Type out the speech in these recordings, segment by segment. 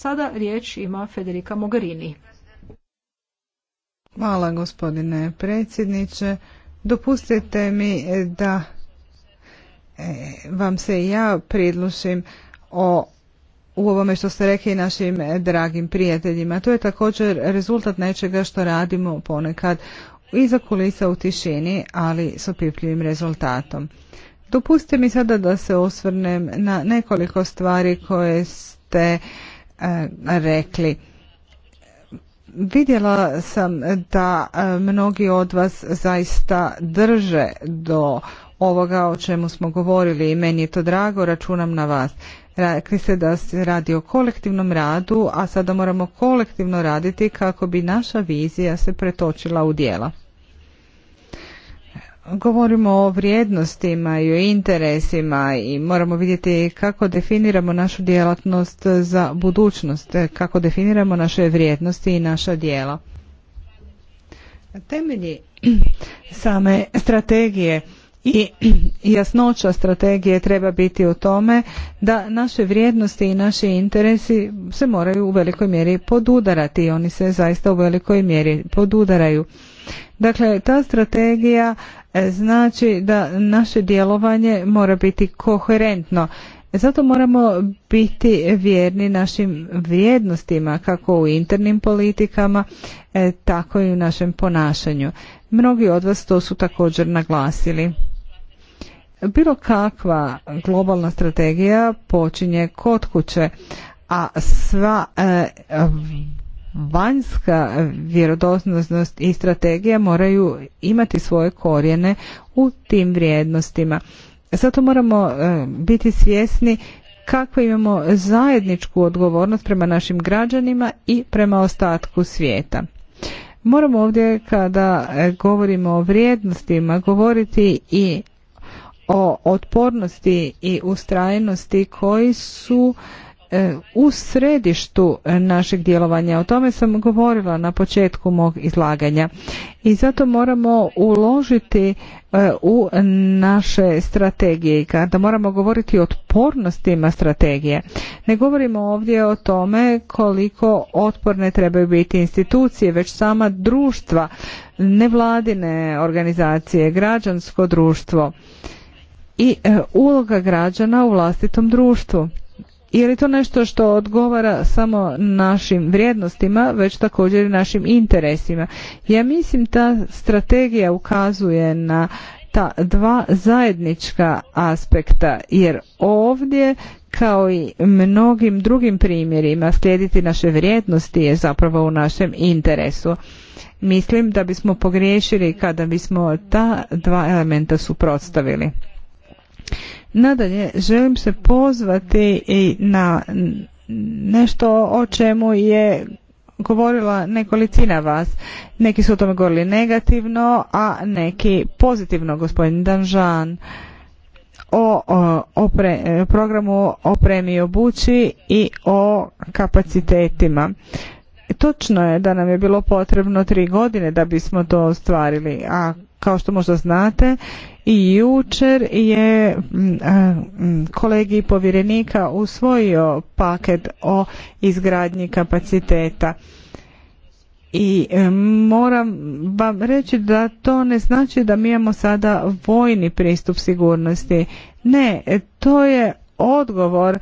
Sada riječ ima Federica Mogherini. Hvala gospodine predsjedniče. Dopustite mi e, da e, vam se i ja pridlušim o u ovome što ste rekli našim e, dragim prijateljima. To je također rezultat nečega što radimo ponekad iza kulisa u tišini, ali s opipljivim rezultatom. Dopustite mi sada da se osvrnem na nekoliko stvari koje ste E, rekli. Vidjela sam da e, mnogi od vas zaista drže do ovoga o čemu smo govorili i meni je to drago, računam na vas. Rekli ste da se radi o kolektivnom radu, a sada moramo kolektivno raditi kako bi naša vizija se pretočila u dijela govorimo o vrijednostima i o interesima i moramo vidjeti kako definiramo našu djelatnost za budućnost, kako definiramo naše vrijednosti i naša djela. Temelji same strategije i jasnoća strategije treba biti u tome da naše vrijednosti i naši interesi se moraju u velikoj mjeri podudarati i oni se zaista u velikoj mjeri podudaraju. Dakle, ta strategija e, znači da naše djelovanje mora biti koherentno. Zato moramo biti vjerni našim vrijednostima kako u internim politikama, e, tako i u našem ponašanju. Mnogi od vas to su također naglasili. Bilo kakva globalna strategija počinje kod kuće, a sva e, vanjska vjerodostojnost i strategija moraju imati svoje korijene u tim vrijednostima. Zato moramo e, biti svjesni kako imamo zajedničku odgovornost prema našim građanima i prema ostatku svijeta. Moramo ovdje kada e, govorimo o vrijednostima govoriti i o otpornosti i ustrajnosti koji su e, u središtu našeg djelovanja. O tome sam govorila na početku mog izlaganja. I zato moramo uložiti e, u naše strategije i kada moramo govoriti o otpornostima strategije. Ne govorimo ovdje o tome koliko otporne trebaju biti institucije, već sama društva, nevladine organizacije, građansko društvo i e, uloga građana u vlastitom društvu. Je li to nešto što odgovara samo našim vrijednostima, već također i našim interesima? Ja mislim ta strategija ukazuje na ta dva zajednička aspekta, jer ovdje kao i mnogim drugim primjerima slijediti naše vrijednosti je zapravo u našem interesu. Mislim da bismo pogriješili kada bismo ta dva elementa suprotstavili. Nadalje, želim se pozvati na nešto o čemu je govorila nekolicina vas. Neki su o tome govorili negativno, a neki pozitivno, gospodin Danžan, o, o programu o i obući i o kapacitetima. Točno je da nam je bilo potrebno tri godine da bismo to ostvarili, a kao što možda znate, i jučer je mm, mm, kolegi povjerenika usvojio paket o izgradnji kapaciteta. I e, moram vam reći da to ne znači da mi imamo sada vojni pristup sigurnosti. Ne, to je odgovor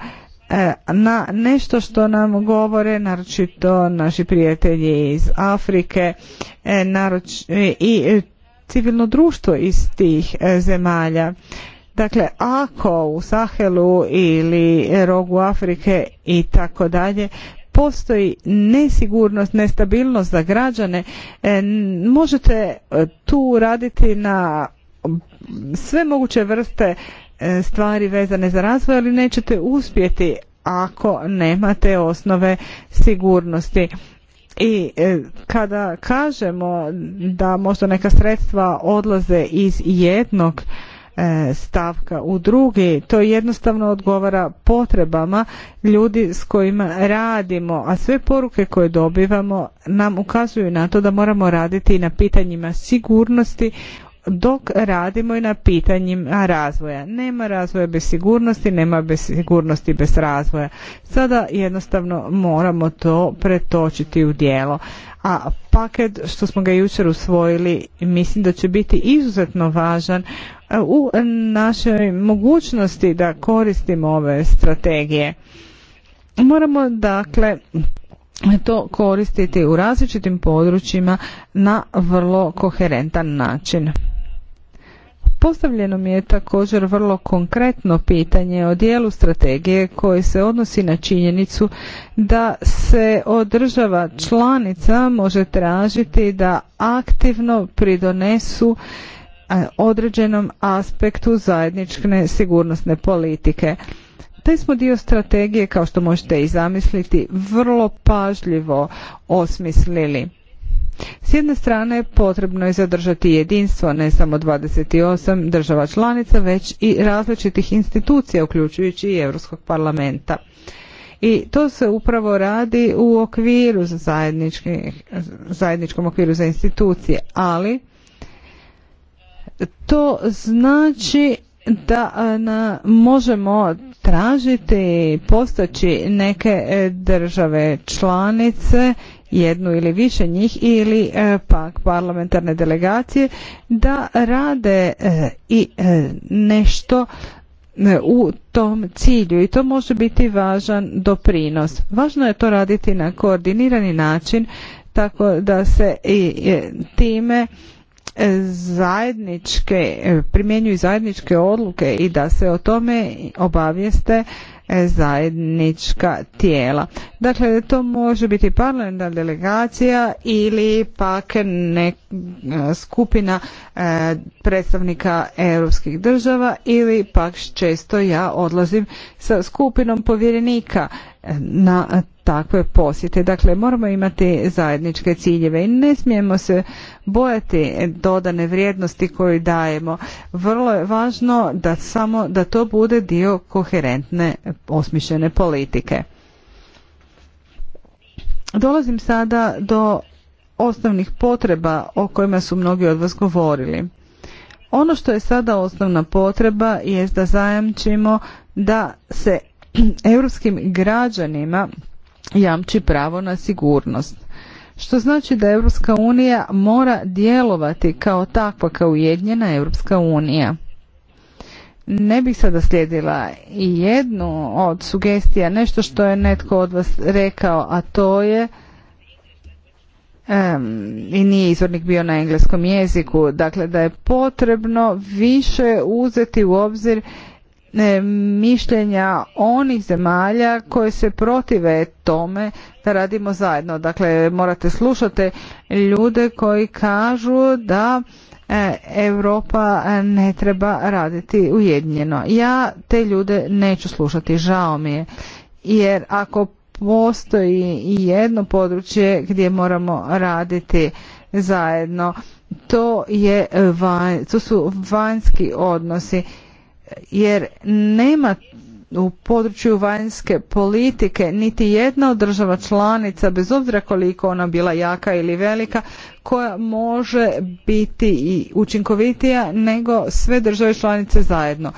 e, na nešto što nam govore naročito naši prijatelji iz Afrike e, naroč, i civilno društvo iz tih e, zemalja. Dakle, ako u Sahelu ili rogu Afrike i tako dalje postoji nesigurnost, nestabilnost za građane, e, možete e, tu raditi na sve moguće vrste stvari vezane za razvoj, ali nećete uspjeti ako nemate osnove sigurnosti. I e, kada kažemo da možda neka sredstva odlaze iz jednog e, stavka u drugi, to jednostavno odgovara potrebama ljudi s kojima radimo, a sve poruke koje dobivamo nam ukazuju na to da moramo raditi na pitanjima sigurnosti, dok radimo i na pitanjima razvoja. Nema razvoja bez sigurnosti, nema bez sigurnosti bez razvoja. Sada jednostavno moramo to pretočiti u dijelo. A paket što smo ga jučer usvojili mislim da će biti izuzetno važan e, u našoj mogućnosti da koristimo ove strategije. Moramo dakle to koristiti u različitim područjima na vrlo koherentan način. Postavljeno mi je također vrlo konkretno pitanje o dijelu strategije koje se odnosi na činjenicu da se od država članica može tražiti da aktivno pridonesu određenom aspektu zajedničke sigurnosne politike. Taj smo dio strategije, kao što možete i zamisliti, vrlo pažljivo osmislili. S jedne strane potrebno je zadržati jedinstvo ne samo 28 država članica već i različitih institucija uključujući i Europskog parlamenta. I to se upravo radi u okviru za zajedničkom okviru za institucije, ali to znači da e, na, možemo tražiti postaći neke e, države članice jednu ili više njih ili e, pak parlamentarne delegacije da rade e, i e, nešto u tom cilju i to može biti važan doprinos. Važno je to raditi na koordinirani način tako da se i time zajedničke primjenjuju zajedničke odluke i da se o tome obavijeste zajednička tijela. Dakle, to može biti parlamentarna delegacija ili pak ne e, skupina e, predstavnika europskih država ili pak često ja odlazim sa skupinom povjerenika e, na takve posjete. Dakle, moramo imati zajedničke ciljeve i ne smijemo se bojati dodane vrijednosti koju dajemo. Vrlo je važno da samo da to bude dio koherentne osmišljene politike. Dolazim sada do osnovnih potreba o kojima su mnogi od vas govorili. Ono što je sada osnovna potreba jest da zajamčimo da se europskim građanima jamči pravo na sigurnost. Što znači da Europska unija mora djelovati kao takva, kao ujedinjena Europska unija. Ne bih sada slijedila i jednu od sugestija, nešto što je netko od vas rekao, a to je i nije izvornik bio na engleskom jeziku, dakle da je potrebno više uzeti u obzir mišljenja onih zemalja koje se protive tome da radimo zajedno. Dakle, morate slušati ljude koji kažu da e, Europa ne treba raditi ujedinjeno. Ja te ljude neću slušati, žao mi je. Jer ako postoji i jedno područje gdje moramo raditi zajedno, to, je, to su vanjski odnosi jer nema u području vanjske politike niti jedna od država članica bez obzira koliko ona bila jaka ili velika koja može biti i učinkovitija nego sve države članice zajedno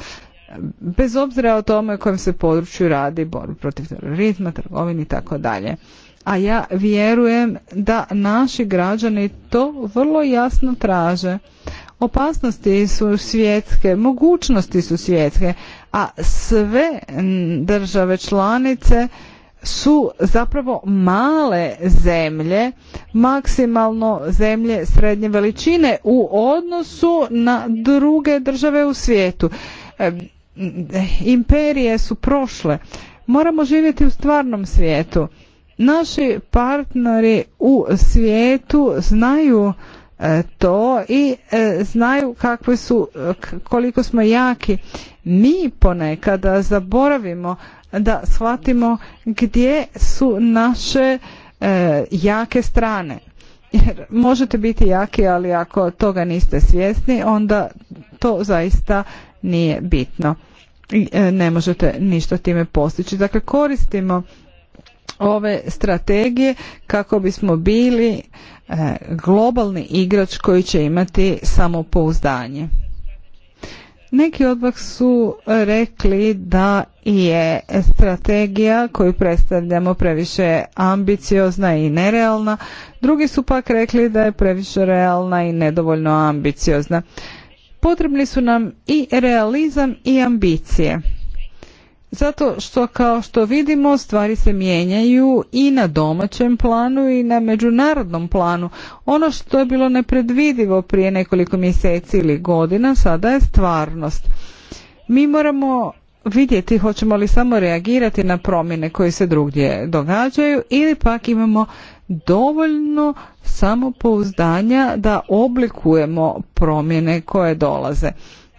bez obzira o tome kojem se području radi borbi protiv terorizma, trgovini i tako dalje. A ja vjerujem da naši građani to vrlo jasno traže. Opasnosti su svjetske, mogućnosti su svjetske, a sve države članice su zapravo male zemlje, maksimalno zemlje srednje veličine u odnosu na druge države u svijetu. E, imperije su prošle. Moramo živjeti u stvarnom svijetu. Naši partneri u svijetu znaju E, to i e, znaju kakve su, e, koliko smo jaki. Mi ponekada zaboravimo da shvatimo gdje su naše jake strane. Jer možete biti jaki, ali ako toga niste svjesni, onda to zaista nije bitno. Ne možete ništa time postići. Dakle, koristimo ove strategije kako bismo bili e, globalni igrač koji će imati samopouzdanje. Neki od vas su rekli da je strategija koju predstavljamo previše ambiciozna i nerealna, drugi su pak rekli da je previše realna i nedovoljno ambiciozna. Potrebni su nam i realizam i ambicije. Zato što kao što vidimo stvari se mijenjaju i na domaćem planu i na međunarodnom planu. Ono što je bilo nepredvidivo prije nekoliko mjeseci ili godina sada je stvarnost. Mi moramo vidjeti hoćemo li samo reagirati na promjene koje se drugdje događaju ili pak imamo dovoljno samopouzdanja da oblikujemo promjene koje dolaze.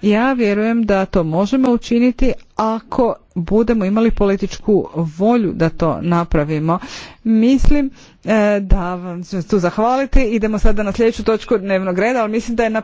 Ja vjerujem da to možemo učiniti ako budemo imali političku volju da to napravimo. Mislim eh, da vam ću tu zahvaliti. Idemo sada na sljedeću točku dnevnog reda, ali mislim da je na